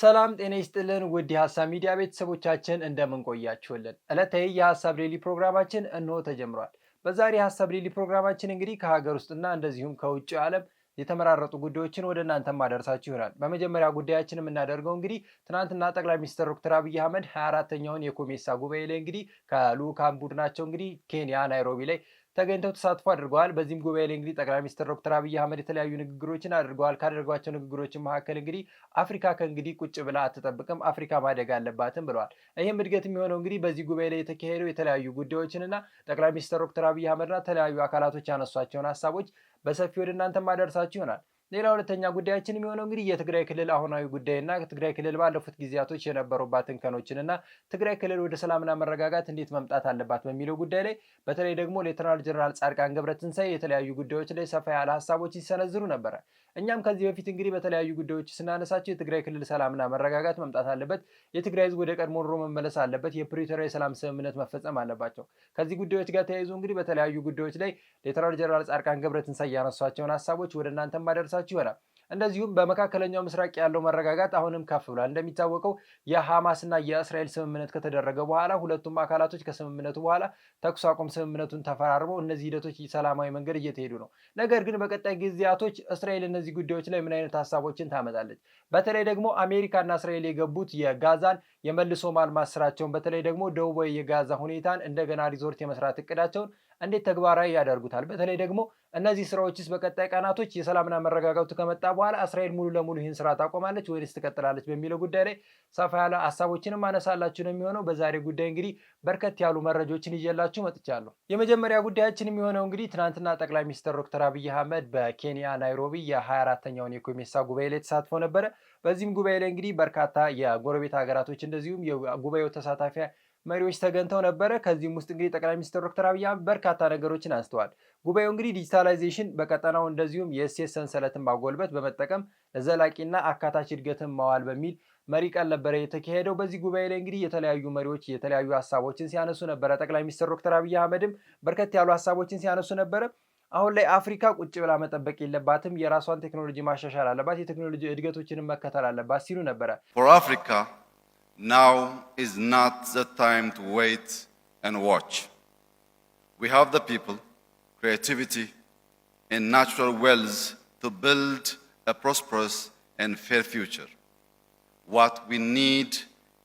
ሰላም ጤና ይስጥልን ውድ የሀሳብ ሚዲያ ቤተሰቦቻችን እንደምንቆያችሁልን ዕለታዊ የሀሳብ ዴሊ ፕሮግራማችን እንሆ ተጀምሯል። በዛሬ የሀሳብ ዴሊ ፕሮግራማችን እንግዲህ ከሀገር ውስጥና እንደዚሁም ከውጭ ዓለም የተመራረጡ ጉዳዮችን ወደ እናንተ ማደርሳችሁ ይሆናል። በመጀመሪያ ጉዳያችን የምናደርገው እንግዲህ ትናንትና ጠቅላይ ሚኒስትር ዶክተር አብይ አህመድ ሀያ አራተኛውን የኮሜሳ ጉባኤ ላይ እንግዲህ ከልኡካን ቡድናቸው እንግዲህ ኬንያ ናይሮቢ ላይ ተገኝተው ተሳትፎ አድርገዋል። በዚህም ጉባኤ ላይ እንግዲህ ጠቅላይ ሚኒስትር ዶክተር አብይ አህመድ የተለያዩ ንግግሮችን አድርገዋል። ካደረጓቸው ንግግሮችን መካከል እንግዲህ አፍሪካ ከእንግዲህ ቁጭ ብላ አትጠብቅም፣ አፍሪካ ማደግ አለባትም ብለዋል። ይህም እድገት የሚሆነው እንግዲህ በዚህ ጉባኤ ላይ የተካሄደው የተለያዩ ጉዳዮችንና ጠቅላይ ሚኒስትር ዶክተር አብይ አህመድና ተለያዩ አካላቶች ያነሷቸውን ሀሳቦች በሰፊ ወደ እናንተ ማደርሳችሁ ይሆናል። ሌላ ሁለተኛ ጉዳያችን የሚሆነው እንግዲህ የትግራይ ክልል አሁናዊ ጉዳይና ትግራይ ክልል ባለፉት ጊዜያቶች የነበሩባትን እና ትግራይ ክልል ወደ ሰላምና መረጋጋት እንዴት መምጣት አለባት በሚለው ጉዳይ ላይ በተለይ ደግሞ ሌተናል ጀነራል ጻድቃን ገብረትንሳኤ የተለያዩ ጉዳዮች ላይ ሰፋ ያለ ሀሳቦች ሲሰነዝሩ ነበረ። እኛም ከዚህ በፊት እንግዲህ በተለያዩ ጉዳዮች ስናነሳቸው የትግራይ ክልል ሰላምና መረጋጋት መምጣት አለበት፣ የትግራይ ህዝብ ወደ ቀድሞ ኑሮ መመለስ አለበት፣ የፕሪቶሪያ የሰላም ስምምነት መፈጸም አለባቸው። ከዚህ ጉዳዮች ጋር ተያይዞ እንግዲህ በተለያዩ ጉዳዮች ላይ ሌተናል ጀነራል ጻድቃን ገብረትንሳኤ ያነሷቸውን ሀሳቦች ወደ እናንተ ማደርሳችሁ ይሆናል። እንደዚሁም በመካከለኛው ምስራቅ ያለው መረጋጋት አሁንም ከፍ ብሏል። እንደሚታወቀው የሐማስና የእስራኤል ስምምነት ከተደረገ በኋላ ሁለቱም አካላቶች ከስምምነቱ በኋላ ተኩስ አቁም ስምምነቱን ተፈራርመው እነዚህ ሂደቶች ሰላማዊ መንገድ እየተሄዱ ነው። ነገር ግን በቀጣይ ጊዜያቶች እስራኤል እነዚህ ጉዳዮች ላይ ምን አይነት ሀሳቦችን ታመጣለች? በተለይ ደግሞ አሜሪካና እስራኤል የገቡት የጋዛን የመልሶ ማልማት ስራቸውን በተለይ ደግሞ ደቡባዊ የጋዛ ሁኔታን እንደገና ሪዞርት የመስራት እቅዳቸውን እንዴት ተግባራዊ ያደርጉታል? በተለይ ደግሞ እነዚህ ስራዎችስ በቀጣይ ቀናቶች የሰላምና መረጋጋቱ ከመጣ በኋላ እስራኤል ሙሉ ለሙሉ ይህን ስራ ታቆማለች ወይስ ትቀጥላለች? በሚለው ጉዳይ ላይ ሰፋ ያለ ሀሳቦችንም አነሳላችሁ ነው የሚሆነው። በዛሬ ጉዳይ እንግዲህ በርከት ያሉ መረጃዎችን ይዤላችሁ መጥቻለሁ። የመጀመሪያ ጉዳያችን የሚሆነው እንግዲህ ትናንትና ጠቅላይ ሚኒስትር ዶክተር አብይ አህመድ በኬንያ ናይሮቢ የ24ተኛውን የኮሜሳ ጉባኤ ላይ ተሳትፎ ነበረ። በዚህም ጉባኤ ላይ እንግዲህ በርካታ የጎረቤት ሀገራቶች እንደዚሁም የጉባኤው ተሳታፊያ መሪዎች ተገንተው ነበረ። ከዚህም ውስጥ እንግዲህ ጠቅላይ ሚኒስትር ዶክተር አብይ አህመድ በርካታ ነገሮችን አንስተዋል። ጉባኤው እንግዲህ ዲጂታላይዜሽን በቀጠናው እንደዚሁም የእሴት ሰንሰለትን ማጎልበት በመጠቀም ለዘላቂና አካታች እድገትን ማዋል በሚል መሪ ቃል ነበረ የተካሄደው። በዚህ ጉባኤ ላይ እንግዲህ የተለያዩ መሪዎች የተለያዩ ሀሳቦችን ሲያነሱ ነበረ። ጠቅላይ ሚኒስትር ዶክተር አብይ አህመድም በርከት ያሉ ሀሳቦችን ሲያነሱ ነበረ። አሁን ላይ አፍሪካ ቁጭ ብላ መጠበቅ የለባትም፣ የራሷን ቴክኖሎጂ ማሻሻል አለባት፣ የቴክኖሎጂ እድገቶችንም መከተል አለባት ሲሉ ነበረ። Now is not the time to wait and watch. We have the people, creativity, and natural wealth to build a prosperous and fair future. What we need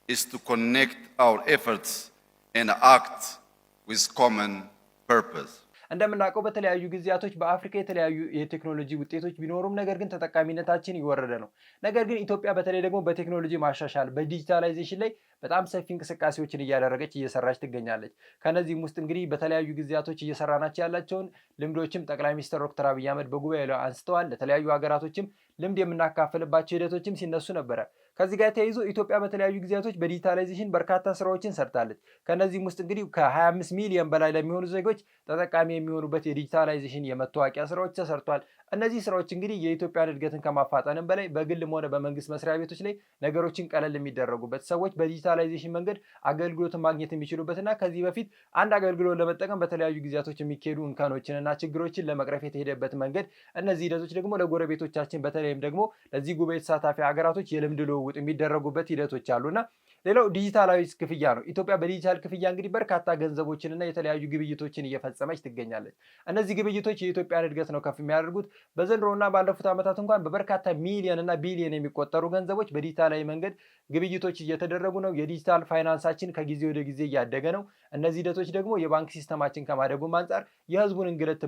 is to connect our efforts and act with common purpose. እንደምናውቀው በተለያዩ ጊዜያቶች በአፍሪካ የተለያዩ የቴክኖሎጂ ውጤቶች ቢኖሩም ነገር ግን ተጠቃሚነታችን ይወረደ ነው። ነገር ግን ኢትዮጵያ በተለይ ደግሞ በቴክኖሎጂ ማሻሻል በዲጂታላይዜሽን ላይ በጣም ሰፊ እንቅስቃሴዎችን እያደረገች እየሰራች ትገኛለች። ከነዚህም ውስጥ እንግዲህ በተለያዩ ጊዜያቶች እየሰራናቸው ያላቸውን ልምዶችም ጠቅላይ ሚኒስትር ዶክተር አብይ አህመድ በጉባኤ ላይ አንስተዋል። ለተለያዩ ሀገራቶችም ልምድ የምናካፍልባቸው ሂደቶችም ሲነሱ ነበረ። ከዚህ ጋር ተያይዞ ኢትዮጵያ በተለያዩ ጊዜያቶች በዲጂታላይዜሽን በርካታ ስራዎችን ሰርታለች። ከእነዚህም ውስጥ እንግዲህ ከ25 ሚሊዮን በላይ ለሚሆኑ ዜጎች ተጠቃሚ የሚሆኑበት የዲጂታላይዜሽን የመታወቂያ ስራዎች ተሰርቷል። እነዚህ ስራዎች እንግዲህ የኢትዮጵያን እድገትን ከማፋጠንም በላይ በግልም ሆነ በመንግስት መስሪያ ቤቶች ላይ ነገሮችን ቀለል የሚደረጉበት ሰዎች በዲጂታላይዜሽን መንገድ አገልግሎትን ማግኘት የሚችሉበት እና ከዚህ በፊት አንድ አገልግሎት ለመጠቀም በተለያዩ ጊዜያቶች የሚካሄዱ እንከኖችንና ችግሮችን ለመቅረፍ የተሄደበት መንገድ፣ እነዚህ ሂደቶች ደግሞ ለጎረቤቶቻችን በተለይም ደግሞ ለዚህ ጉባኤ ተሳታፊ ሀገራቶች የልምድ ልውውጥ የሚደረጉበት ሂደቶች አሉና ሌላው ዲጂታላዊ ክፍያ ነው። ኢትዮጵያ በዲጂታል ክፍያ እንግዲህ በርካታ ገንዘቦችንና የተለያዩ ግብይቶችን እየፈጸመች ትገኛለች። እነዚህ ግብይቶች የኢትዮጵያን እድገት ነው ከፍ የሚያደርጉት። በዘንድሮና ባለፉት ዓመታት እንኳን በበርካታ ሚሊዮን እና ቢሊዮን የሚቆጠሩ ገንዘቦች በዲጂታላዊ መንገድ ግብይቶች እየተደረጉ ነው። የዲጂታል ፋይናንሳችን ከጊዜ ወደ ጊዜ እያደገ ነው። እነዚህ ሂደቶች ደግሞ የባንክ ሲስተማችን ከማደጉም አንጻር የህዝቡን እንግልት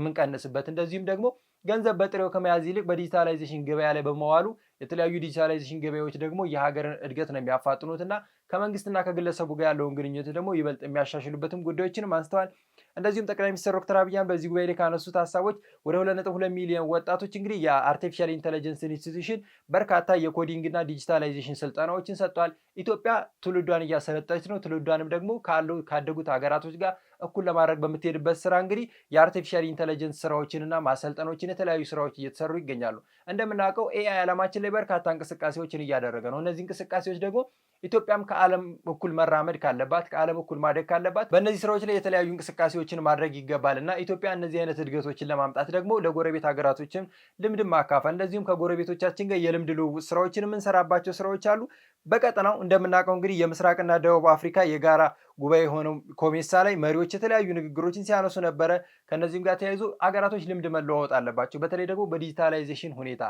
የምንቀንስበት እንደዚሁም ደግሞ ገንዘብ በጥሬው ከመያዝ ይልቅ በዲጂታላይዜሽን ገበያ ላይ በመዋሉ የተለያዩ ዲጂታላይዜሽን ገበያዎች ደግሞ የሀገርን እድገት ነው የሚያፋጥኑት እና ከመንግስትና ከግለሰቡ ጋር ያለውን ግንኙነት ደግሞ ይበልጥ የሚያሻሽሉበትም ጉዳዮችንም አንስተዋል። እንደዚሁም ጠቅላይ ሚኒስትር ዶክተር አብያን በዚህ ጉባኤ ላይ ካነሱት ሀሳቦች ወደ ሁለት ነጥብ ሁለት ሚሊዮን ወጣቶች እንግዲህ የአርቲፊሻል ኢንቴሊጀንስ ኢንስቲትዩሽን በርካታ የኮዲንግና ዲጂታላይዜሽን ስልጠናዎችን ሰጥቷል። ኢትዮጵያ ትውልዷን እያሰለጠች ነው። ትውልዷንም ደግሞ ካሉ ካደጉት ሀገራቶች ጋር እኩል ለማድረግ በምትሄድበት ስራ እንግዲህ የአርቲፊሻል ኢንቴሊጀንስ ስራዎችንና ማሰልጠኖችን የተለያዩ ስራዎች እየተሰሩ ይገኛሉ። እንደምናውቀው ኤአይ ዓለማችን ላይ በርካታ እንቅስቃሴዎችን እያደረገ ነው። እነዚህ እንቅስቃሴዎች ደግሞ ኢትዮጵያም ከዓለም እኩል መራመድ ካለባት ከዓለም እኩል ማደግ ካለባት በእነዚህ ስራዎች ላይ የተለያዩ እንቅስቃሴዎችን ማድረግ ይገባል እና ኢትዮጵያ እነዚህ አይነት እድገቶችን ለማምጣት ደግሞ ለጎረቤት ሀገራቶችም ልምድ ማካፈል እንደዚሁም ከጎረቤቶቻችን ጋር የልምድ ልውውጥ ስራዎችን የምንሰራባቸው ስራዎች አሉ። በቀጠናው እንደምናውቀው እንግዲህ የምስራቅና ደቡብ አፍሪካ የጋራ ጉባኤ የሆነው ኮሜሳ ላይ መሪዎች የተለያዩ ንግግሮችን ሲያነሱ ነበረ። ከእነዚህም ጋር ተያይዞ አገራቶች ልምድ መለዋወጥ አለባቸው። በተለይ ደግሞ በዲጂታላይዜሽን ሁኔታ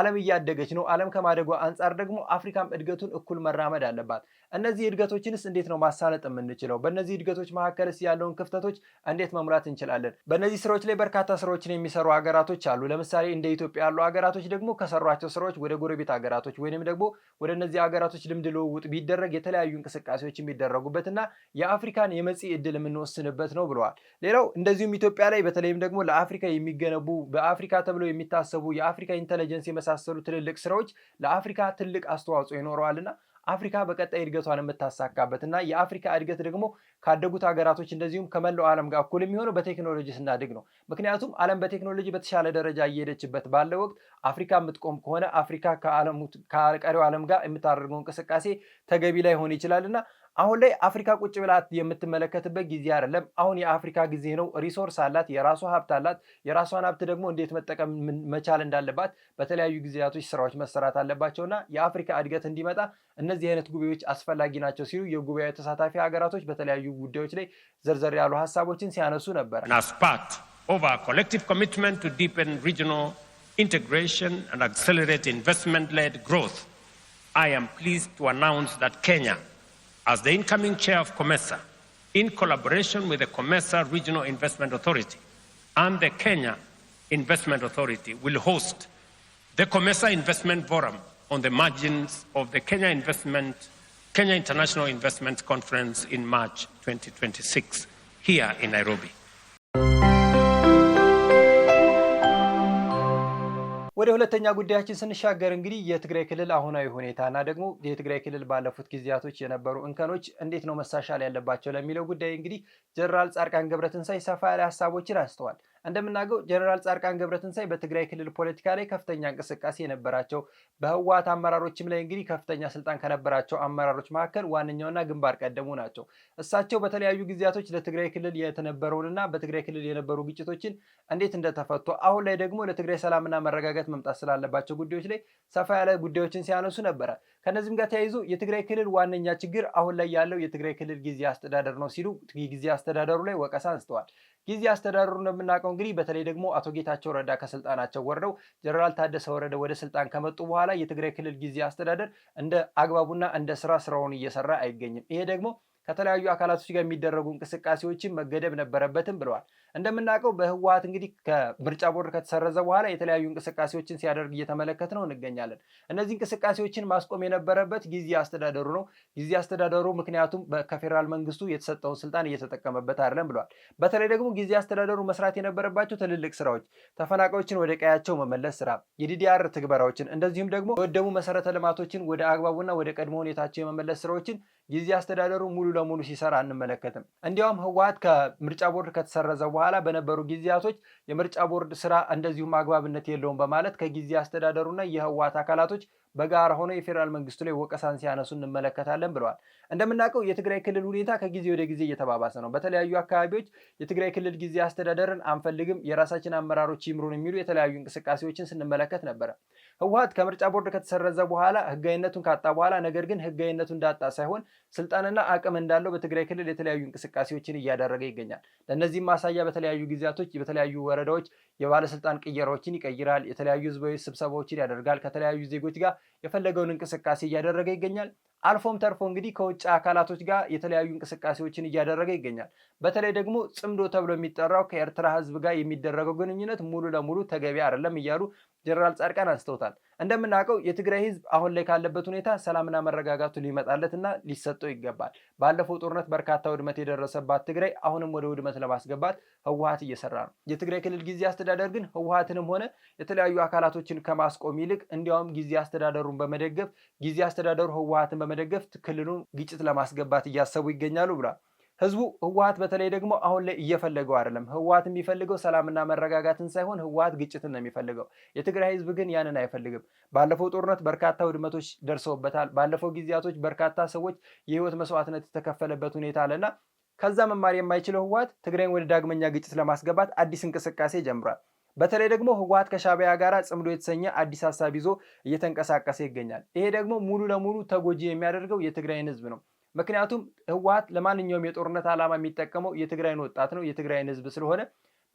ዓለም እያደገች ነው። ዓለም ከማደጓ አንጻር ደግሞ አፍሪካም እድገቱን እኩል መራመድ አለባት። እነዚህ እድገቶችንስ እንዴት ነው ማሳለጥ የምንችለው? በእነዚህ እድገቶች መካከልስ ያለውን ክፍተቶች እንዴት መሙላት እንችላለን? በእነዚህ ስራዎች ላይ በርካታ ስራዎችን የሚሰሩ ሀገራቶች አሉ። ለምሳሌ እንደ ኢትዮጵያ ያሉ ሀገራቶች ደግሞ ከሰሯቸው ስራዎች ወደ ጎረቤት ሀገራቶች ወይንም ደግሞ ወደ እነዚህ ሀገራቶች ልምድ ልውውጥ ቢደረግ የተለያዩ እንቅስቃሴዎች የሚደረጉበትና የአፍሪካን የመጽ እድል የምንወስንበት ነው ብለዋል። ሌላው እንደዚሁም ኢትዮጵያ ላይ በተለይም ደግሞ ለአፍሪካ የሚገነቡ በአፍሪካ ተብለው የሚታሰቡ የአፍሪካ ኢንተለጀንስ የመሳሰሉ ትልልቅ ስራዎች ለአፍሪካ ትልቅ አስተዋጽኦ ይኖረዋልና አፍሪካ በቀጣይ እድገቷን የምታሳካበት እና የአፍሪካ እድገት ደግሞ ካደጉት ሀገራቶች እንደዚሁም ከመላው ዓለም ጋር እኩል የሚሆነው በቴክኖሎጂ ስናድግ ነው። ምክንያቱም ዓለም በቴክኖሎጂ በተሻለ ደረጃ እየሄደችበት ባለ ወቅት አፍሪካ የምትቆም ከሆነ አፍሪካ ከቀሪው ዓለም ጋር የምታደርገው እንቅስቃሴ ተገቢ ላይሆን ይችላል እና አሁን ላይ አፍሪካ ቁጭ ብላት የምትመለከትበት ጊዜ አይደለም። አሁን የአፍሪካ ጊዜ ነው። ሪሶርስ አላት፣ የራሷ ሀብት አላት። የራሷን ሀብት ደግሞ እንዴት መጠቀም መቻል እንዳለባት በተለያዩ ጊዜያቶች ስራዎች መሰራት አለባቸውና የአፍሪካ እድገት እንዲመጣ እነዚህ አይነት ጉባኤዎች አስፈላጊ ናቸው ሲሉ የጉባኤ ተሳታፊ ሀገራቶች በተለያዩ ጉዳዮች ላይ ዘርዘር ያሉ ሀሳቦችን ሲያነሱ ነበር። integration and accelerate investment-led growth, I am pleased to announce that Kenya as the incoming chair of COMESA, in collaboration with the COMESA Regional Investment Authority and the Kenya Investment Authority, will host the COMESA Investment Forum on the margins of the Kenya, Investment, Kenya International Investment Conference in March 2026 here in Nairobi. ወደ ሁለተኛ ጉዳያችን ስንሻገር እንግዲህ የትግራይ ክልል አሁናዊ ሁኔታ እና ደግሞ የትግራይ ክልል ባለፉት ጊዜያቶች የነበሩ እንከኖች እንዴት ነው መሳሻል ያለባቸው ለሚለው ጉዳይ እንግዲህ ጀነራል ጻድቃን ገብረትንሳኤ ሰፋ ያለ ሀሳቦችን አንስተዋል። እንደምናገው ጀነራል ጻድቃን ገብረትንሳይ በትግራይ ክልል ፖለቲካ ላይ ከፍተኛ እንቅስቃሴ የነበራቸው በህወሓት አመራሮችም ላይ እንግዲህ ከፍተኛ ስልጣን ከነበራቸው አመራሮች መካከል ዋነኛውና ግንባር ቀደሙ ናቸው። እሳቸው በተለያዩ ጊዜያቶች ለትግራይ ክልል የተነበረውንና በትግራይ ክልል የነበሩ ግጭቶችን እንዴት እንደተፈቱ አሁን ላይ ደግሞ ለትግራይ ሰላምና መረጋጋት መምጣት ስላለባቸው ጉዳዮች ላይ ሰፋ ያለ ጉዳዮችን ሲያነሱ ነበረ። ከነዚህም ጋር ተያይዞ የትግራይ ክልል ዋነኛ ችግር አሁን ላይ ያለው የትግራይ ክልል ጊዜ አስተዳደር ነው ሲሉ ጊዜ አስተዳደሩ ላይ ወቀሳ አንስተዋል። ጊዜ አስተዳደሩ እንደምናውቀው እንግዲህ በተለይ ደግሞ አቶ ጌታቸው ረዳ ከስልጣናቸው ወርደው ጀነራል ታደሰ ወረደ ወደ ስልጣን ከመጡ በኋላ የትግራይ ክልል ጊዜ አስተዳደር እንደ አግባቡና እንደ ስራ ስራውን እየሰራ አይገኝም። ይሄ ደግሞ ከተለያዩ አካላቶች ጋር የሚደረጉ እንቅስቃሴዎችን መገደብ ነበረበትም ብለዋል። እንደምናውቀው በህወሀት እንግዲህ ከምርጫ ቦርድ ከተሰረዘ በኋላ የተለያዩ እንቅስቃሴዎችን ሲያደርግ እየተመለከት ነው እንገኛለን። እነዚህ እንቅስቃሴዎችን ማስቆም የነበረበት ጊዜ አስተዳደሩ ነው። ጊዜ አስተዳደሩ ምክንያቱም ከፌዴራል መንግስቱ የተሰጠውን ስልጣን እየተጠቀመበት አይደለም ብለዋል። በተለይ ደግሞ ጊዜ አስተዳደሩ መስራት የነበረባቸው ትልልቅ ስራዎች ተፈናቃዮችን ወደ ቀያቸው መመለስ ስራ፣ የዲዲአር ትግበራዎችን እንደዚሁም ደግሞ የወደሙ መሰረተ ልማቶችን ወደ አግባቡና ወደ ቀድሞ ሁኔታቸው የመመለስ ስራዎችን ጊዜ አስተዳደሩ ሙሉ ለሙሉ ሲሰራ አንመለከትም። እንዲያውም ህወሀት ከምርጫ ቦርድ ከተሰረዘ በኋላ በነበሩ ጊዜያቶች የምርጫ ቦርድ ስራ እንደዚሁም አግባብነት የለውም በማለት ከጊዜ አስተዳደሩና የህወሀት አካላቶች በጋራ ሆነው የፌዴራል መንግስቱ ላይ ወቀሳን ሲያነሱ እንመለከታለን ብለዋል። እንደምናውቀው የትግራይ ክልል ሁኔታ ከጊዜ ወደ ጊዜ እየተባባሰ ነው። በተለያዩ አካባቢዎች የትግራይ ክልል ጊዜ አስተዳደርን አንፈልግም፣ የራሳችን አመራሮች ይምሩን የሚሉ የተለያዩ እንቅስቃሴዎችን ስንመለከት ነበረ። ህወሀት ከምርጫ ቦርድ ከተሰረዘ በኋላ ህጋዊነቱን ካጣ በኋላ ነገር ግን ህጋይነቱ እንዳጣ ሳይሆን ስልጣንና አቅም እንዳለው በትግራይ ክልል የተለያዩ እንቅስቃሴዎችን እያደረገ ይገኛል። ለእነዚህም ማሳያ በተለያዩ ጊዜያቶች በተለያዩ ወረዳዎች የባለስልጣን ቅየራዎችን ይቀይራል፣ የተለያዩ ህዝባዊ ስብሰባዎችን ያደርጋል፣ ከተለያዩ ዜጎች ጋር የፈለገውን እንቅስቃሴ እያደረገ ይገኛል። አልፎም ተርፎ እንግዲህ ከውጭ አካላቶች ጋር የተለያዩ እንቅስቃሴዎችን እያደረገ ይገኛል። በተለይ ደግሞ ጽምዶ ተብሎ የሚጠራው ከኤርትራ ሕዝብ ጋር የሚደረገው ግንኙነት ሙሉ ለሙሉ ተገቢ አይደለም እያሉ ጀነራል ጻድቃን አንስተውታል። እንደምናውቀው የትግራይ ህዝብ አሁን ላይ ካለበት ሁኔታ ሰላምና መረጋጋቱ ሊመጣለትና ሊሰጠው ይገባል። ባለፈው ጦርነት በርካታ ውድመት የደረሰባት ትግራይ አሁንም ወደ ውድመት ለማስገባት ህወሀት እየሰራ ነው። የትግራይ ክልል ጊዜ አስተዳደር ግን ህወሀትንም ሆነ የተለያዩ አካላቶችን ከማስቆም ይልቅ እንዲያውም ጊዜ አስተዳደሩን በመደገፍ ጊዜ አስተዳደሩ ህወሀትን በመደገፍ ክልሉን ግጭት ለማስገባት እያሰቡ ይገኛሉ ብሏል። ህዝቡ ህወሀት በተለይ ደግሞ አሁን ላይ እየፈለገው አይደለም። ህወሀት የሚፈልገው ሰላምና መረጋጋትን ሳይሆን ህወሀት ግጭትን ነው የሚፈልገው። የትግራይ ህዝብ ግን ያንን አይፈልግም። ባለፈው ጦርነት በርካታ ውድመቶች ደርሰውበታል። ባለፈው ጊዜያቶች በርካታ ሰዎች የህይወት መስዋዕትነት የተከፈለበት ሁኔታ አለና ከዛ መማር የማይችለው ህወሀት ትግራይን ወደ ዳግመኛ ግጭት ለማስገባት አዲስ እንቅስቃሴ ጀምሯል። በተለይ ደግሞ ህወሀት ከሻቢያ ጋር ጽምዶ የተሰኘ አዲስ ሀሳብ ይዞ እየተንቀሳቀሰ ይገኛል። ይሄ ደግሞ ሙሉ ለሙሉ ተጎጂ የሚያደርገው የትግራይን ህዝብ ነው። ምክንያቱም ህወሀት ለማንኛውም የጦርነት ዓላማ የሚጠቀመው የትግራይን ወጣት ነው፣ የትግራይን ህዝብ ስለሆነ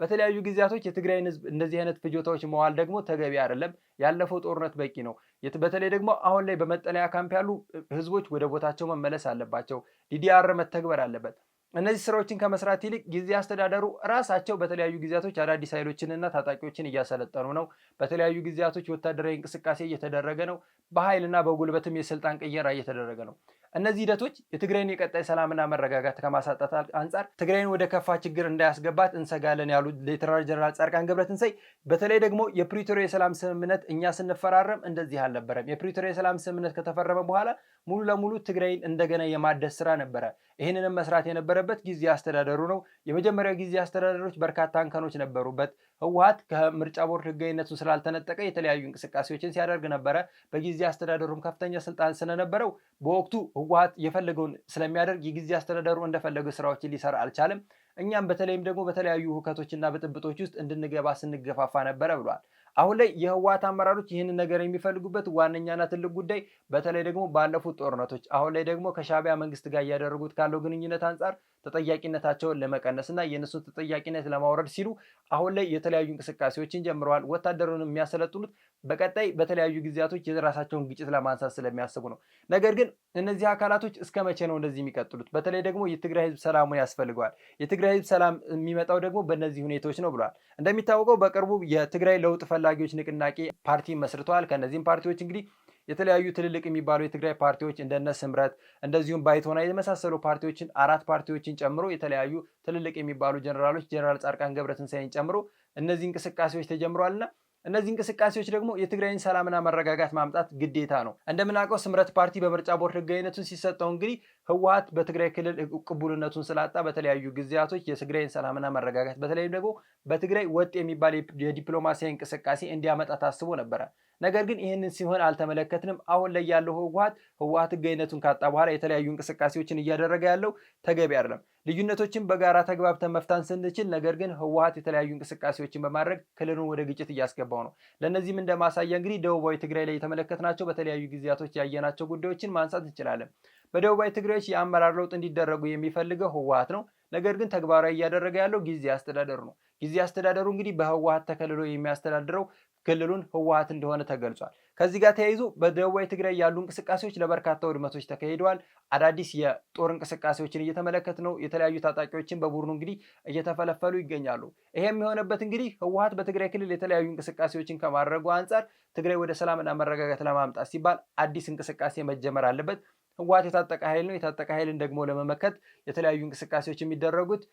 በተለያዩ ጊዜያቶች የትግራይን ህዝብ እንደዚህ አይነት ፍጆታዎች መዋል ደግሞ ተገቢ አይደለም። ያለፈው ጦርነት በቂ ነው። በተለይ ደግሞ አሁን ላይ በመጠለያ ካምፕ ያሉ ህዝቦች ወደ ቦታቸው መመለስ አለባቸው። ዲዲአር መተግበር አለበት። እነዚህ ስራዎችን ከመስራት ይልቅ ጊዜ አስተዳደሩ ራሳቸው በተለያዩ ጊዜያቶች አዳዲስ ኃይሎችንና ታጣቂዎችን እያሰለጠኑ ነው። በተለያዩ ጊዜያቶች ወታደራዊ እንቅስቃሴ እየተደረገ ነው። በኃይልና በጉልበትም የስልጣን ቅየራ እየተደረገ ነው። እነዚህ ሂደቶች የትግራይን የቀጣይ ሰላምና መረጋጋት ከማሳጣት አንጻር ትግራይን ወደ ከፋ ችግር እንዳያስገባት እንሰጋለን ያሉ ሌተናል ጀነራል ጻድቃን ገብረትንሳይ በተለይ ደግሞ የፕሪቶሪያ የሰላም ስምምነት እኛ ስንፈራረም እንደዚህ አልነበረም። የፕሪቶሪያ የሰላም ስምምነት ከተፈረመ በኋላ ሙሉ ለሙሉ ትግራይን እንደገና የማደስ ስራ ነበረ ይህንንም መስራት የነበረበት ጊዜ አስተዳደሩ ነው። የመጀመሪያው ጊዜ አስተዳደሮች በርካታ እንከኖች ነበሩበት። ህወሀት ከምርጫ ቦርድ ህጋዊነቱን ስላልተነጠቀ የተለያዩ እንቅስቃሴዎችን ሲያደርግ ነበረ። በጊዜ አስተዳደሩም ከፍተኛ ስልጣን ስለነበረው በወቅቱ ህወሀት የፈለገውን ስለሚያደርግ የጊዜ አስተዳደሩ እንደፈለገ ስራዎችን ሊሰራ አልቻለም። እኛም በተለይም ደግሞ በተለያዩ ሁከቶችና ብጥብጦች ውስጥ እንድንገባ ስንገፋፋ ነበረ ብሏል። አሁን ላይ የህወሓት አመራሮች ይህንን ነገር የሚፈልጉበት ዋነኛና ትልቅ ጉዳይ በተለይ ደግሞ ባለፉት ጦርነቶች አሁን ላይ ደግሞ ከሻቢያ መንግስት ጋር እያደረጉት ካለው ግንኙነት አንጻር ተጠያቂነታቸውን ለመቀነስ እና የእነሱን ተጠያቂነት ለማውረድ ሲሉ አሁን ላይ የተለያዩ እንቅስቃሴዎችን ጀምረዋል። ወታደሩን የሚያሰለጥኑት በቀጣይ በተለያዩ ጊዜያቶች የራሳቸውን ግጭት ለማንሳት ስለሚያስቡ ነው። ነገር ግን እነዚህ አካላቶች እስከ መቼ ነው እንደዚህ የሚቀጥሉት? በተለይ ደግሞ የትግራይ ህዝብ ሰላሙን ያስፈልገዋል። የትግራይ ህዝብ ሰላም የሚመጣው ደግሞ በእነዚህ ሁኔታዎች ነው ብሏል። እንደሚታወቀው በቅርቡ የትግራይ ለውጥ ፈላጊዎች ንቅናቄ ፓርቲ መስርተዋል። ከእነዚህም ፓርቲዎች እንግዲህ የተለያዩ ትልልቅ የሚባሉ የትግራይ ፓርቲዎች እንደነ ስምረት እንደዚሁም ባይቶና የመሳሰሉ ፓርቲዎችን አራት ፓርቲዎችን ጨምሮ የተለያዩ ትልልቅ የሚባሉ ጀነራሎች ጀነራል ጻድቃን ገብረትንሳኤን ጨምሮ እነዚህ እንቅስቃሴዎች ተጀምረዋልና እነዚህ እንቅስቃሴዎች ደግሞ የትግራይን ሰላምና መረጋጋት ማምጣት ግዴታ ነው። እንደምናውቀው ስምረት ፓርቲ በምርጫ ቦርድ ህጋዊነቱን ሲሰጠው እንግዲህ ህወሀት በትግራይ ክልል ቅቡልነቱን ስላጣ በተለያዩ ጊዜያቶች የትግራይን ሰላምና መረጋጋት በተለይም ደግሞ በትግራይ ወጥ የሚባል የዲፕሎማሲያዊ እንቅስቃሴ እንዲያመጣ ታስቦ ነበረ። ነገር ግን ይህንን ሲሆን አልተመለከትንም። አሁን ላይ ያለው ህወሀት ህወሀት ህጋዊነቱን ካጣ በኋላ የተለያዩ እንቅስቃሴዎችን እያደረገ ያለው ተገቢ አይደለም። ልዩነቶችን በጋራ ተግባብተን መፍታን ስንችል፣ ነገር ግን ህወሀት የተለያዩ እንቅስቃሴዎችን በማድረግ ክልሉን ወደ ግጭት እያስገባው ነው። ለእነዚህም እንደማሳያ እንግዲህ ደቡባዊ ትግራይ ላይ የተመለከትናቸው በተለያዩ ጊዜያቶች ያየናቸው ጉዳዮችን ማንሳት እንችላለን። በደቡባዊ ትግራዮች የአመራር ለውጥ እንዲደረጉ የሚፈልገው ህወሀት ነው። ነገር ግን ተግባራዊ እያደረገ ያለው ጊዜ አስተዳደሩ ነው። ጊዜ አስተዳደሩ እንግዲህ በህወሀት ተከልሎ የሚያስተዳድረው ክልሉን ህወሀት እንደሆነ ተገልጿል። ከዚህ ጋር ተያይዞ በደቡባዊ ትግራይ ያሉ እንቅስቃሴዎች ለበርካታ ውድመቶች ተካሂደዋል። አዳዲስ የጦር እንቅስቃሴዎችን እየተመለከት ነው። የተለያዩ ታጣቂዎችን በቡድኑ እንግዲህ እየተፈለፈሉ ይገኛሉ። ይሄም የሆነበት እንግዲህ ህወሀት በትግራይ ክልል የተለያዩ እንቅስቃሴዎችን ከማድረጉ አንጻር ትግራይ ወደ ሰላምና መረጋጋት ለማምጣት ሲባል አዲስ እንቅስቃሴ መጀመር አለበት። ህወሓት የታጠቀ ኃይል ነው። የታጠቀ ኃይልን ደግሞ ለመመከት የተለያዩ እንቅስቃሴዎች የሚደረጉት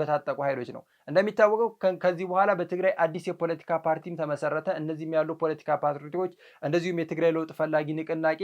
በታጠቁ ኃይሎች ነው። እንደሚታወቀው ከዚህ በኋላ በትግራይ አዲስ የፖለቲካ ፓርቲም ተመሰረተ። እነዚህም ያሉ ፖለቲካ ፓርቲዎች እንደዚሁም የትግራይ ለውጥ ፈላጊ ንቅናቄ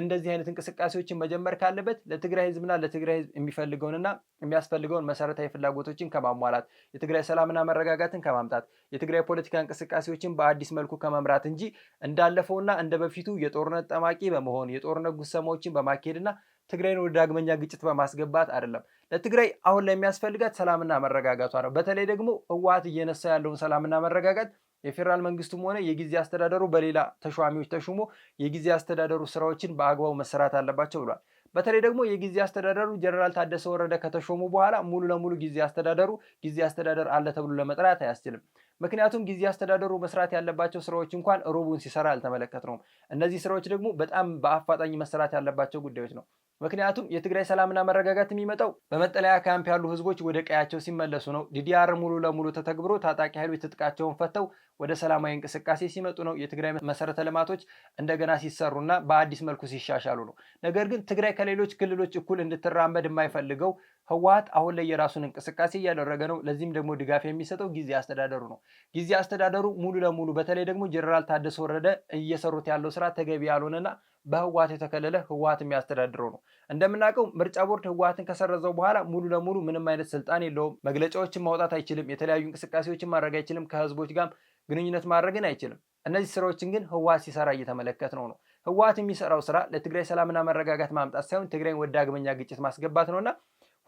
እንደዚህ አይነት እንቅስቃሴዎችን መጀመር ካለበት ለትግራይ ህዝብና ለትግራይ ህዝብ የሚፈልገውንና የሚያስፈልገውን መሰረታዊ ፍላጎቶችን ከማሟላት የትግራይ ሰላምና መረጋጋትን ከማምጣት የትግራይ ፖለቲካ እንቅስቃሴዎችን በአዲስ መልኩ ከመምራት እንጂ እንዳለፈውና እንደ በፊቱ የጦርነት ጠማቂ በመሆን የጦርነት ጉሰማዎችን በማ በማካሄድና ትግራይን ወደ ዳግመኛ ግጭት በማስገባት አይደለም። ለትግራይ አሁን ላይ የሚያስፈልጋት ሰላምና መረጋጋቷ ነው። በተለይ ደግሞ ህወሓት እየነሳ ያለውን ሰላምና መረጋጋት የፌዴራል መንግስቱም ሆነ የጊዜ አስተዳደሩ በሌላ ተሿሚዎች ተሹሞ የጊዜ አስተዳደሩ ስራዎችን በአግባቡ መሰራት አለባቸው ብሏል። በተለይ ደግሞ የጊዜ አስተዳደሩ ጀነራል ታደሰ ወረደ ከተሾሙ በኋላ ሙሉ ለሙሉ ጊዜ አስተዳደሩ ጊዜ አስተዳደር አለ ተብሎ ለመጥራት አያስችልም። ምክንያቱም ጊዜ አስተዳደሩ መስራት ያለባቸው ስራዎች እንኳን ሩቡን ሲሰራ አልተመለከትነውም። እነዚህ ስራዎች ደግሞ በጣም በአፋጣኝ መሰራት ያለባቸው ጉዳዮች ነው። ምክንያቱም የትግራይ ሰላምና መረጋጋት የሚመጣው በመጠለያ ካምፕ ያሉ ህዝቦች ወደ ቀያቸው ሲመለሱ ነው። ዲዲአር ሙሉ ለሙሉ ተተግብሮ ታጣቂ ኃይሎች ትጥቃቸውን ፈተው ወደ ሰላማዊ እንቅስቃሴ ሲመጡ ነው። የትግራይ መሰረተ ልማቶች እንደገና ሲሰሩና በአዲስ መልኩ ሲሻሻሉ ነው። ነገር ግን ትግራይ ከሌሎች ክልሎች እኩል እንድትራመድ የማይፈልገው ህወሓት አሁን ላይ የራሱን እንቅስቃሴ እያደረገ ነው። ለዚህም ደግሞ ድጋፍ የሚሰጠው ጊዜ አስተዳደሩ ነው። ጊዜ አስተዳደሩ ሙሉ ለሙሉ በተለይ ደግሞ ጀነራል ታደሰ ወረደ እየሰሩት ያለው ስራ ተገቢ ያልሆነና በህወሓት የተከለለ ህወሓት የሚያስተዳድረው ነው። እንደምናውቀው ምርጫ ቦርድ ህወሓትን ከሰረዘው በኋላ ሙሉ ለሙሉ ምንም አይነት ስልጣን የለውም። መግለጫዎችን ማውጣት አይችልም። የተለያዩ እንቅስቃሴዎችን ማድረግ አይችልም። ከህዝቦች ጋር ግንኙነት ማድረግን አይችልም። እነዚህ ስራዎችን ግን ህወሓት ሲሰራ እየተመለከት ነው ነው ህወሓት የሚሰራው ስራ ለትግራይ ሰላምና መረጋጋት ማምጣት ሳይሆን ትግራይን ወደ ዳግመኛ ግጭት ማስገባት ነውና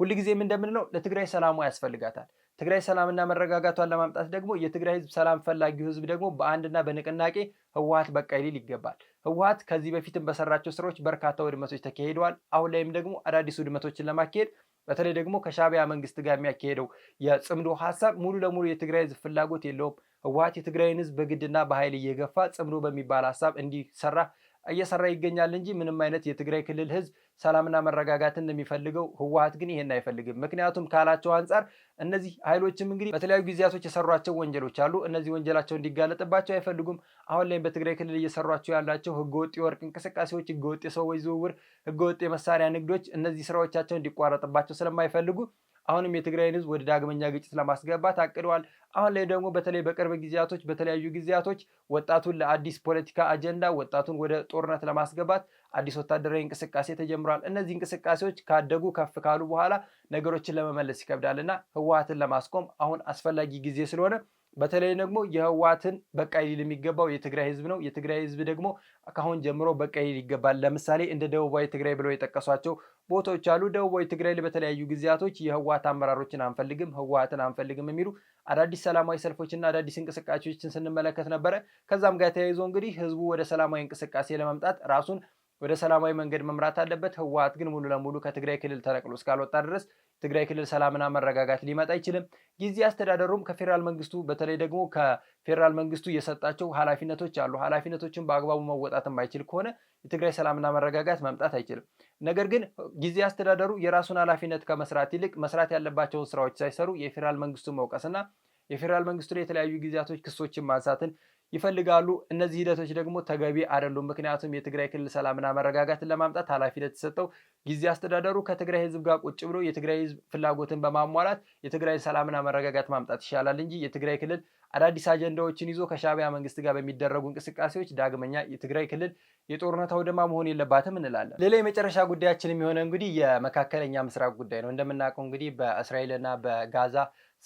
ሁልጊዜም እንደምንለው ለትግራይ ሰላሟ ያስፈልጋታል። ትግራይ ሰላምና መረጋጋቷን ለማምጣት ደግሞ የትግራይ ህዝብ ሰላም ፈላጊው ህዝብ ደግሞ በአንድና በንቅናቄ ህወሓት በቃ ይሊል ይገባል። ህወሓት ከዚህ በፊትም በሰራቸው ስራዎች በርካታ ውድመቶች ተካሂደዋል። አሁን ላይም ደግሞ አዳዲስ ውድመቶችን ለማካሄድ በተለይ ደግሞ ከሻቢያ መንግስት ጋር የሚያካሄደው የጽምዶ ሀሳብ ሙሉ ለሙሉ የትግራይ ህዝብ ፍላጎት የለውም። ህወሀት የትግራይን ህዝብ በግድና በኃይል እየገፋ ጽምዶ በሚባል ሀሳብ እንዲሰራ እየሰራ ይገኛል እንጂ ምንም አይነት የትግራይ ክልል ህዝብ ሰላምና መረጋጋትን እንደሚፈልገው ህወሀት ግን ይሄን አይፈልግም። ምክንያቱም ካላቸው አንጻር እነዚህ ኃይሎችም እንግዲህ በተለያዩ ጊዜያቶች የሰሯቸው ወንጀሎች አሉ። እነዚህ ወንጀላቸው እንዲጋለጥባቸው አይፈልጉም። አሁን ላይ በትግራይ ክልል እየሰሯቸው ያላቸው ህገወጥ የወርቅ እንቅስቃሴዎች፣ ህገወጥ የሰዎች ዝውውር፣ ህገወጥ የመሳሪያ ንግዶች፣ እነዚህ ስራዎቻቸው እንዲቋረጥባቸው ስለማይፈልጉ አሁንም የትግራይን ህዝብ ወደ ዳግመኛ ግጭት ለማስገባት አቅደዋል። አሁን ላይ ደግሞ በተለይ በቅርብ ጊዜያቶች በተለያዩ ጊዜያቶች ወጣቱን ለአዲስ ፖለቲካ አጀንዳ ወጣቱን ወደ ጦርነት ለማስገባት አዲስ ወታደራዊ እንቅስቃሴ ተጀምሯል። እነዚህ እንቅስቃሴዎች ካደጉ ከፍ ካሉ በኋላ ነገሮችን ለመመለስ ይከብዳልና ህወሀትን ለማስቆም አሁን አስፈላጊ ጊዜ ስለሆነ በተለይ ደግሞ የህዋትን በቃ ሊል የሚገባው የትግራይ ህዝብ ነው። የትግራይ ህዝብ ደግሞ ካሁን ጀምሮ በቃ ሊል ይገባል። ለምሳሌ እንደ ደቡባዊ ትግራይ ብለው የጠቀሷቸው ቦታዎች አሉ። ደቡባዊ ትግራይ በተለያዩ ጊዜያቶች የህዋት አመራሮችን አንፈልግም፣ ህዋትን አንፈልግም የሚሉ አዳዲስ ሰላማዊ ሰልፎችና አዳዲስ እንቅስቃሴዎችን ስንመለከት ነበረ። ከዛም ጋር ተያይዞ እንግዲህ ህዝቡ ወደ ሰላማዊ እንቅስቃሴ ለመምጣት ራሱን ወደ ሰላማዊ መንገድ መምራት አለበት። ህወሀት ግን ሙሉ ለሙሉ ከትግራይ ክልል ተነቅሎ እስካልወጣ ድረስ ትግራይ ክልል ሰላምና መረጋጋት ሊመጣ አይችልም። ጊዜ አስተዳደሩም ከፌዴራል መንግስቱ በተለይ ደግሞ ከፌዴራል መንግስቱ የሰጣቸው ኃላፊነቶች አሉ። ኃላፊነቶችን በአግባቡ መወጣት የማይችል ከሆነ የትግራይ ሰላምና መረጋጋት መምጣት አይችልም። ነገር ግን ጊዜ አስተዳደሩ የራሱን ኃላፊነት ከመስራት ይልቅ መስራት ያለባቸውን ስራዎች ሳይሰሩ የፌዴራል መንግስቱን መውቀስና የፌዴራል መንግስቱ ላይ የተለያዩ ጊዜያቶች ክሶችን ማንሳትን ይፈልጋሉ። እነዚህ ሂደቶች ደግሞ ተገቢ አይደሉም። ምክንያቱም የትግራይ ክልል ሰላምና መረጋጋትን ለማምጣት ኃላፊነት የተሰጠው ጊዜ አስተዳደሩ ከትግራይ ህዝብ ጋር ቁጭ ብሎ የትግራይ ህዝብ ፍላጎትን በማሟላት የትግራይ ሰላምና መረጋጋት ማምጣት ይሻላል እንጂ የትግራይ ክልል አዳዲስ አጀንዳዎችን ይዞ ከሻቢያ መንግስት ጋር በሚደረጉ እንቅስቃሴዎች ዳግመኛ የትግራይ ክልል የጦርነት አውደማ መሆን የለባትም እንላለን። ሌላ የመጨረሻ ጉዳያችን የሚሆነ እንግዲህ የመካከለኛ ምስራቅ ጉዳይ ነው። እንደምናውቀው እንግዲህ በእስራኤልና በጋዛ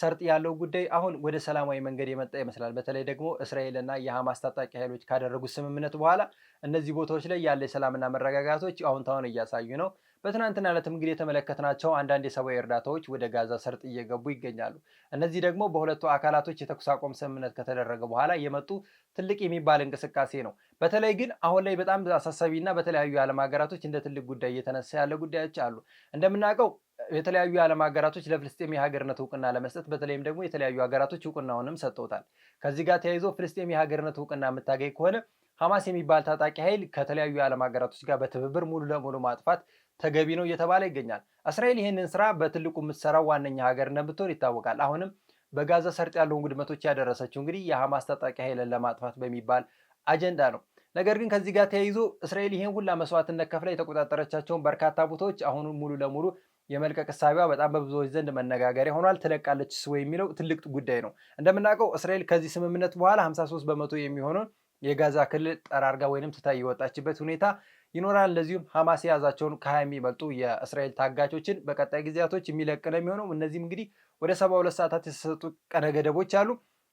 ሰርጥ ያለው ጉዳይ አሁን ወደ ሰላማዊ መንገድ የመጣ ይመስላል። በተለይ ደግሞ እስራኤልና የሐማስ ታጣቂ ኃይሎች ካደረጉት ስምምነት በኋላ እነዚህ ቦታዎች ላይ ያለ የሰላምና መረጋጋቶች አዎንታውን እያሳዩ ነው። በትናንትና ዕለትም እንግዲህ የተመለከትናቸው አንዳንድ የሰብአዊ እርዳታዎች ወደ ጋዛ ሰርጥ እየገቡ ይገኛሉ። እነዚህ ደግሞ በሁለቱ አካላቶች የተኩስ አቁም ስምምነት ከተደረገ በኋላ የመጡ ትልቅ የሚባል እንቅስቃሴ ነው። በተለይ ግን አሁን ላይ በጣም አሳሳቢና በተለያዩ የዓለም ሀገራቶች እንደ ትልቅ ጉዳይ እየተነሳ ያለ ጉዳዮች አሉ እንደምናውቀው የተለያዩ የዓለም ሀገራቶች ለፍልስጤም የሀገርነት እውቅና ለመስጠት በተለይም ደግሞ የተለያዩ ሀገራቶች እውቅናውንም ሰጥተውታል። ከዚህ ጋር ተያይዞ ፍልስጤም የሀገርነት እውቅና የምታገኝ ከሆነ ሐማስ የሚባል ታጣቂ ኃይል ከተለያዩ የዓለም ሀገራቶች ጋር በትብብር ሙሉ ለሙሉ ማጥፋት ተገቢ ነው እየተባለ ይገኛል። እስራኤል ይህንን ስራ በትልቁ የምትሰራው ዋነኛ ሀገር እንደምትሆን ይታወቃል። አሁንም በጋዛ ሰርጥ ያለውን ውድመቶች ያደረሰችው እንግዲህ የሐማስ ታጣቂ ኃይልን ለማጥፋት በሚባል አጀንዳ ነው። ነገር ግን ከዚህ ጋር ተያይዞ እስራኤል ይህን ሁላ መስዋዕትነት ከፍላ የተቆጣጠረቻቸውን በርካታ ቦታዎች አሁን ሙሉ ለሙሉ የመልቀቅ እሳቢዋ በጣም በብዙዎች ዘንድ መነጋገሪያ ሆኗል። ትለቃለች ስወ የሚለው ትልቅ ጉዳይ ነው። እንደምናውቀው እስራኤል ከዚህ ስምምነት በኋላ 53 በመቶ የሚሆነውን የጋዛ ክልል ጠራርጋ ወይንም ትታ የወጣችበት ሁኔታ ይኖራል። እንደዚሁም ሐማስ የያዛቸውን ከሀያ የሚበልጡ የእስራኤል ታጋቾችን በቀጣይ ጊዜያቶች የሚለቅ ነው የሚሆነው። እነዚህም እንግዲህ ወደ ሰባ ሁለት ሰዓታት የተሰጡ ቀነ ገደቦች አሉ።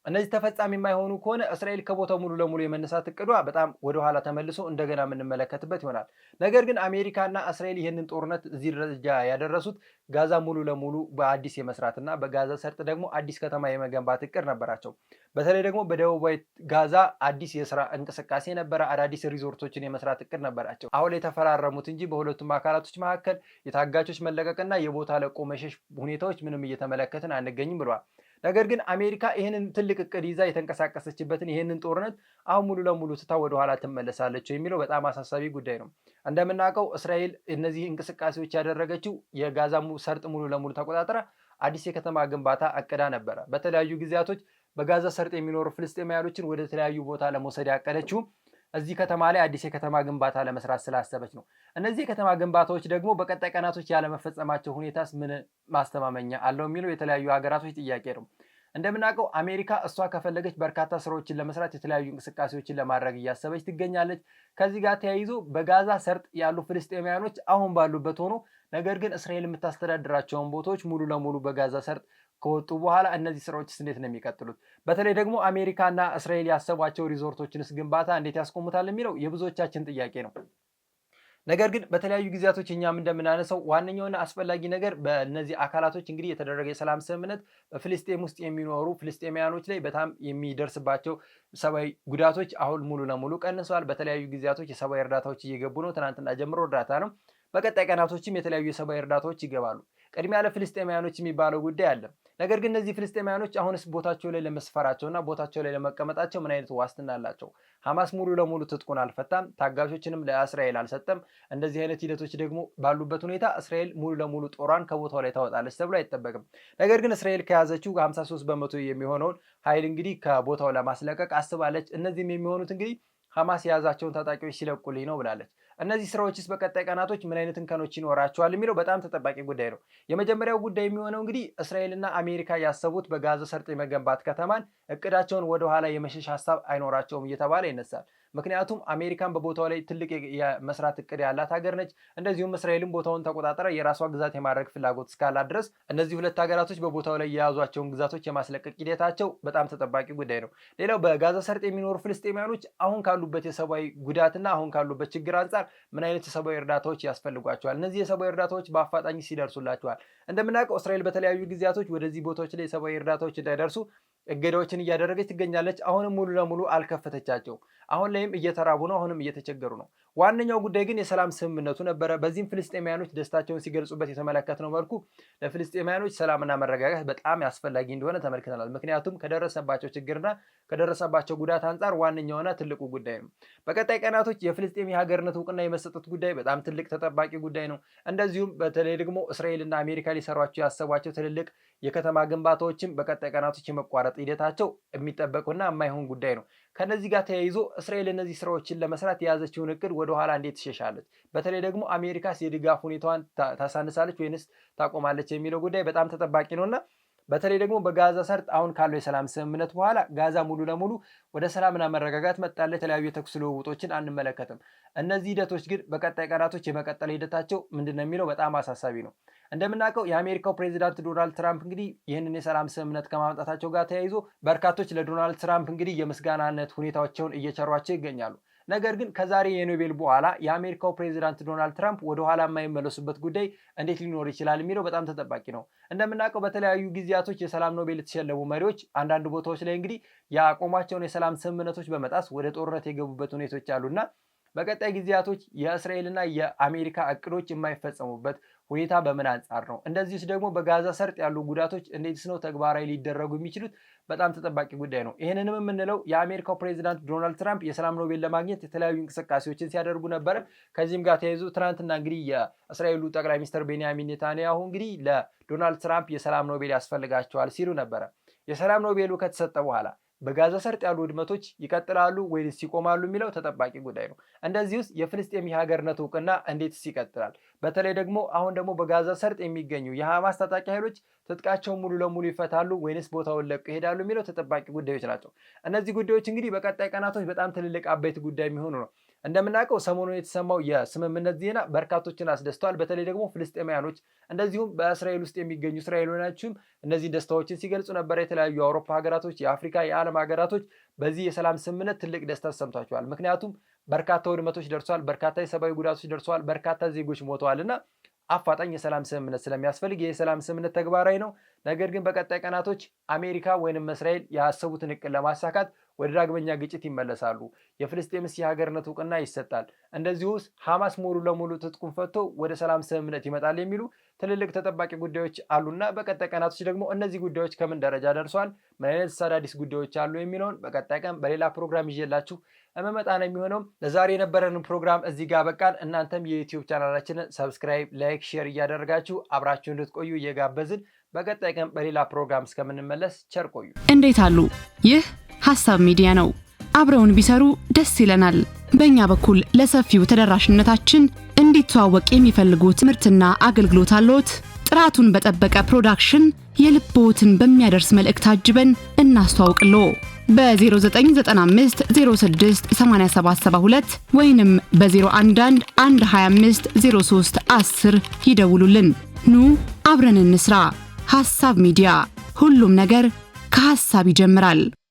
እነዚህ ተፈጻሚ የማይሆኑ ከሆነ እስራኤል ከቦታው ሙሉ ለሙሉ የመነሳት እቅዷ በጣም ወደኋላ ተመልሶ እንደገና የምንመለከትበት ይሆናል። ነገር ግን አሜሪካና እስራኤል ይህንን ጦርነት እዚህ ደረጃ ያደረሱት ጋዛ ሙሉ ለሙሉ በአዲስ የመስራትና በጋዛ ሰርጥ ደግሞ አዲስ ከተማ የመገንባት እቅድ ነበራቸው። በተለይ ደግሞ በደቡባዊ ጋዛ አዲስ የስራ እንቅስቃሴ ነበረ። አዳዲስ ሪዞርቶችን የመስራት እቅድ ነበራቸው። አሁን የተፈራረሙት እንጂ በሁለቱም አካላቶች መካከል የታጋቾች መለቀቅና የቦታ ለቆ መሸሽ ሁኔታዎች ምንም እየተመለከትን አንገኝም ብለዋል። ነገር ግን አሜሪካ ይህንን ትልቅ እቅድ ይዛ የተንቀሳቀሰችበትን ይህንን ጦርነት አሁን ሙሉ ለሙሉ ትታ ወደኋላ ትመለሳለች የሚለው በጣም አሳሳቢ ጉዳይ ነው። እንደምናውቀው እስራኤል እነዚህ እንቅስቃሴዎች ያደረገችው የጋዛ ሰርጥ ሙሉ ለሙሉ ተቆጣጥራ አዲስ የከተማ ግንባታ አቅዳ ነበረ። በተለያዩ ጊዜያቶች በጋዛ ሰርጥ የሚኖሩ ፍልስጤማያኖችን ወደ ተለያዩ ቦታ ለመውሰድ ያቀደችው እዚህ ከተማ ላይ አዲስ የከተማ ግንባታ ለመስራት ስላሰበች ነው። እነዚህ የከተማ ግንባታዎች ደግሞ በቀጣይ ቀናቶች ያለመፈጸማቸው ሁኔታስ ምን ማስተማመኛ አለው የሚለው የተለያዩ ሀገራቶች ጥያቄ ነው። እንደምናውቀው አሜሪካ እሷ ከፈለገች በርካታ ስራዎችን ለመስራት የተለያዩ እንቅስቃሴዎችን ለማድረግ እያሰበች ትገኛለች። ከዚህ ጋር ተያይዞ በጋዛ ሰርጥ ያሉ ፍልስጤማያኖች አሁን ባሉበት ሆኖ ነገር ግን እስራኤል የምታስተዳድራቸውን ቦታዎች ሙሉ ለሙሉ በጋዛ ሰርጥ ከወጡ በኋላ እነዚህ ስራዎች እንዴት ነው የሚቀጥሉት? በተለይ ደግሞ አሜሪካና እስራኤል ያሰቧቸው ሪዞርቶችንስ ግንባታ እንዴት ያስቆሙታል የሚለው የብዙዎቻችን ጥያቄ ነው። ነገር ግን በተለያዩ ጊዜያቶች እኛም እንደምናነሰው ዋነኛውና አስፈላጊ ነገር በእነዚህ አካላቶች እንግዲህ የተደረገ የሰላም ስምምነት በፍልስጤም ውስጥ የሚኖሩ ፍልስጤማያኖች ላይ በጣም የሚደርስባቸው ሰብአዊ ጉዳቶች አሁን ሙሉ ለሙሉ ቀንሰዋል። በተለያዩ ጊዜያቶች የሰብአዊ እርዳታዎች እየገቡ ነው። ትናንትና ጀምሮ እርዳታ ነው። በቀጣይ ቀናቶችም የተለያዩ የሰብአዊ እርዳታዎች ይገባሉ። ቅድሚያ ለፍልስጤማያኖች የሚባለው ጉዳይ አለም። ነገር ግን እነዚህ ፍልስጤማውያኖች አሁንስ ቦታቸው ላይ ለመስፈራቸውና ቦታቸው ላይ ለመቀመጣቸው ምን አይነት ዋስትና አላቸው? ሐማስ ሙሉ ለሙሉ ትጥቁን አልፈታም፣ ታጋቾችንም ለእስራኤል አልሰጠም። እንደዚህ አይነት ሂደቶች ደግሞ ባሉበት ሁኔታ እስራኤል ሙሉ ለሙሉ ጦሯን ከቦታው ላይ ታወጣለች ተብሎ አይጠበቅም። ነገር ግን እስራኤል ከያዘችው 53 በመቶ የሚሆነውን ኃይል እንግዲህ ከቦታው ለማስለቀቅ አስባለች። እነዚህም የሚሆኑት እንግዲህ ሐማስ የያዛቸውን ታጣቂዎች ሲለቁልኝ ነው ብላለች። እነዚህ ስራዎችስ በቀጣይ ቀናቶች ምን አይነት እንከኖች ይኖራቸዋል የሚለው በጣም ተጠባቂ ጉዳይ ነው። የመጀመሪያው ጉዳይ የሚሆነው እንግዲህ እስራኤልና አሜሪካ ያሰቡት በጋዛ ሰርጥ የመገንባት ከተማን እቅዳቸውን ወደኋላ የመሸሽ ሀሳብ አይኖራቸውም እየተባለ ይነሳል። ምክንያቱም አሜሪካን በቦታው ላይ ትልቅ የመስራት እቅድ ያላት ሀገር ነች። እንደዚሁም እስራኤልን ቦታውን ተቆጣጠረ የራሷ ግዛት የማድረግ ፍላጎት እስካላት ድረስ እነዚህ ሁለት ሀገራቶች በቦታው ላይ የያዟቸውን ግዛቶች የማስለቀቅ ሂደታቸው በጣም ተጠባቂ ጉዳይ ነው። ሌላው በጋዛ ሰርጥ የሚኖሩ ፍልስጤማያኖች አሁን ካሉበት የሰብአዊ ጉዳትና አሁን ካሉበት ችግር አንጻር ምን አይነት የሰብአዊ እርዳታዎች ያስፈልጓቸዋል? እነዚህ የሰብአዊ እርዳታዎች በአፋጣኝ ሲደርሱላቸዋል? እንደምናውቀው እስራኤል በተለያዩ ጊዜያቶች ወደዚህ ቦታዎች ላይ የሰብአዊ እርዳታዎች እንዳይደርሱ እገዳዎችን እያደረገች ትገኛለች። አሁንም ሙሉ ለሙሉ አልከፈተቻቸው። አሁን ላይም እየተራቡ ነው። አሁንም እየተቸገሩ ነው። ዋነኛው ጉዳይ ግን የሰላም ስምምነቱ ነበረ። በዚህም ፍልስጤማያኖች ደስታቸውን ሲገልጹበት የተመለከትነው መልኩ ለፍልስጤማያኖች ሰላምና መረጋጋት በጣም አስፈላጊ እንደሆነ ተመልክተናል። ምክንያቱም ከደረሰባቸው ችግርና ከደረሰባቸው ጉዳት አንጻር ዋነኛውና ትልቁ ጉዳይ ነው። በቀጣይ ቀናቶች የፍልስጤም የሀገርነት እውቅና የመሰጠት ጉዳይ በጣም ትልቅ ተጠባቂ ጉዳይ ነው። እንደዚሁም በተለይ ደግሞ እስራኤልና አሜሪካ ሊሰሯቸው ያሰቧቸው ትልልቅ የከተማ ግንባታዎችም በቀጣይ ቀናቶች የመቋረጥ ሂደታቸው የሚጠበቁና የማይሆን ጉዳይ ነው። ከነዚህ ጋር ተያይዞ እስራኤል እነዚህ ስራዎችን ለመስራት የያዘችውን እቅድ ወደኋላ እንዴት ትሸሻለች? በተለይ ደግሞ አሜሪካስ የድጋፍ ሁኔታዋን ታሳንሳለች ወይንስ ታቆማለች የሚለው ጉዳይ በጣም ተጠባቂ ነውና በተለይ ደግሞ በጋዛ ሰርጥ አሁን ካለው የሰላም ስምምነት በኋላ ጋዛ ሙሉ ለሙሉ ወደ ሰላምና መረጋጋት መጣለ። የተለያዩ የተኩስ ልውውጦችን አንመለከትም። እነዚህ ሂደቶች ግን በቀጣይ ቀናቶች የመቀጠል ሂደታቸው ምንድን ነው የሚለው በጣም አሳሳቢ ነው። እንደምናውቀው የአሜሪካው ፕሬዚዳንት ዶናልድ ትራምፕ እንግዲህ ይህንን የሰላም ስምምነት ከማምጣታቸው ጋር ተያይዞ በርካቶች ለዶናልድ ትራምፕ እንግዲህ የምስጋናነት ሁኔታዎቸውን እየቸሯቸው ይገኛሉ። ነገር ግን ከዛሬ የኖቤል በኋላ የአሜሪካው ፕሬዚዳንት ዶናልድ ትራምፕ ወደኋላ የማይመለሱበት ጉዳይ እንዴት ሊኖር ይችላል የሚለው በጣም ተጠባቂ ነው። እንደምናውቀው በተለያዩ ጊዜያቶች የሰላም ኖቤል የተሸለሙ መሪዎች አንዳንድ ቦታዎች ላይ እንግዲህ ያቆሟቸውን የሰላም ስምምነቶች በመጣስ ወደ ጦርነት የገቡበት ሁኔታዎች አሉና በቀጣይ ጊዜያቶች የእስራኤልና የአሜሪካ እቅዶች የማይፈጸሙበት ሁኔታ በምን አንጻር ነው? እንደዚህስ ደግሞ በጋዛ ሰርጥ ያሉ ጉዳቶች እንዴትስ ነው ተግባራዊ ሊደረጉ የሚችሉት? በጣም ተጠባቂ ጉዳይ ነው። ይህንንም የምንለው የአሜሪካው ፕሬዚዳንት ዶናልድ ትራምፕ የሰላም ኖቤል ለማግኘት የተለያዩ እንቅስቃሴዎችን ሲያደርጉ ነበረ። ከዚህም ጋር ተያይዞ ትናንትና እንግዲህ የእስራኤሉ ጠቅላይ ሚኒስትር ቤንያሚን ኔታንያሁ እንግዲህ ለዶናልድ ትራምፕ የሰላም ኖቤል ያስፈልጋቸዋል ሲሉ ነበረ። የሰላም ኖቤሉ ከተሰጠ በኋላ በጋዛ ሰርጥ ያሉ ውድመቶች ይቀጥላሉ ወይስ ይቆማሉ የሚለው ተጠባቂ ጉዳይ ነው። እንደዚህ ውስጥ የፍልስጤም የሀገርነት እውቅና እንዴትስ ይቀጥላል? በተለይ ደግሞ አሁን ደግሞ በጋዛ ሰርጥ የሚገኙ የሐማስ ታጣቂ ኃይሎች ትጥቃቸውን ሙሉ ለሙሉ ይፈታሉ ወይንስ ቦታውን ለቀው ይሄዳሉ የሚለው ተጠባቂ ጉዳዮች ናቸው። እነዚህ ጉዳዮች እንግዲህ በቀጣይ ቀናቶች በጣም ትልልቅ አበይት ጉዳይ የሚሆኑ ነው። እንደምናውቀው ሰሞኑን የተሰማው የስምምነት ዜና በርካቶችን አስደስተዋል። በተለይ ደግሞ ፍልስጤማያኖች እንደዚሁም በእስራኤል ውስጥ የሚገኙ እስራኤላውያኖችም እነዚህን ደስታዎችን ሲገልጹ ነበር። የተለያዩ የአውሮፓ ሀገራቶች፣ የአፍሪካ፣ የዓለም ሀገራቶች በዚህ የሰላም ስምምነት ትልቅ ደስታ ተሰምቷቸዋል። ምክንያቱም በርካታ ውድመቶች ደርሰዋል፣ በርካታ የሰብአዊ ጉዳቶች ደርሰዋል፣ በርካታ ዜጎች ሞተዋል እና አፋጣኝ የሰላም ስምምነት ስለሚያስፈልግ ይህ የሰላም ስምምነት ተግባራዊ ነው። ነገር ግን በቀጣይ ቀናቶች አሜሪካ ወይንም እስራኤል ያሰቡትን እቅድ ለማሳካት ወደ ዳግመኛ ግጭት ይመለሳሉ። የፍልስጤምስ የሀገርነት እውቅና ይሰጣል። እንደዚሁስ ሐማስ ሙሉ ለሙሉ ትጥቁን ፈቶ ወደ ሰላም ስምምነት ይመጣል የሚሉ ትልልቅ ተጠባቂ ጉዳዮች አሉና በቀጣይ ቀናቶች ደግሞ እነዚህ ጉዳዮች ከምን ደረጃ ደርሷል፣ ምን አይነት አዳዲስ ጉዳዮች አሉ የሚለውን በቀጣይ ቀን በሌላ ፕሮግራም ይዤላችሁ እመመጣ ነው የሚሆነው። ለዛሬ የነበረንን ፕሮግራም እዚህ ጋር በቃል። እናንተም የዩቲዩብ ቻናላችንን ሰብስክራይብ፣ ላይክ፣ ሼር እያደረጋችሁ አብራችሁ እንድትቆዩ እየጋበዝን በቀጣይ ቀን በሌላ ፕሮግራም እስከምንመለስ ቸር ቆዩ። እንዴት አሉ ይህ ሀሳብ ሚዲያ ነው። አብረውን ቢሰሩ ደስ ይለናል። በእኛ በኩል ለሰፊው ተደራሽነታችን እንዲተዋወቅ የሚፈልጉ ትምህርትና አገልግሎት አለዎት? ጥራቱን በጠበቀ ፕሮዳክሽን የልብዎትን በሚያደርስ መልእክት አጅበን እናስተዋውቅሎ በ0995 06 8772 ወይንም በ011 25 03 10 ይደውሉልን። ኑ አብረን እንስራ። ሐሳብ ሚዲያ፣ ሁሉም ነገር ከሐሳብ ይጀምራል።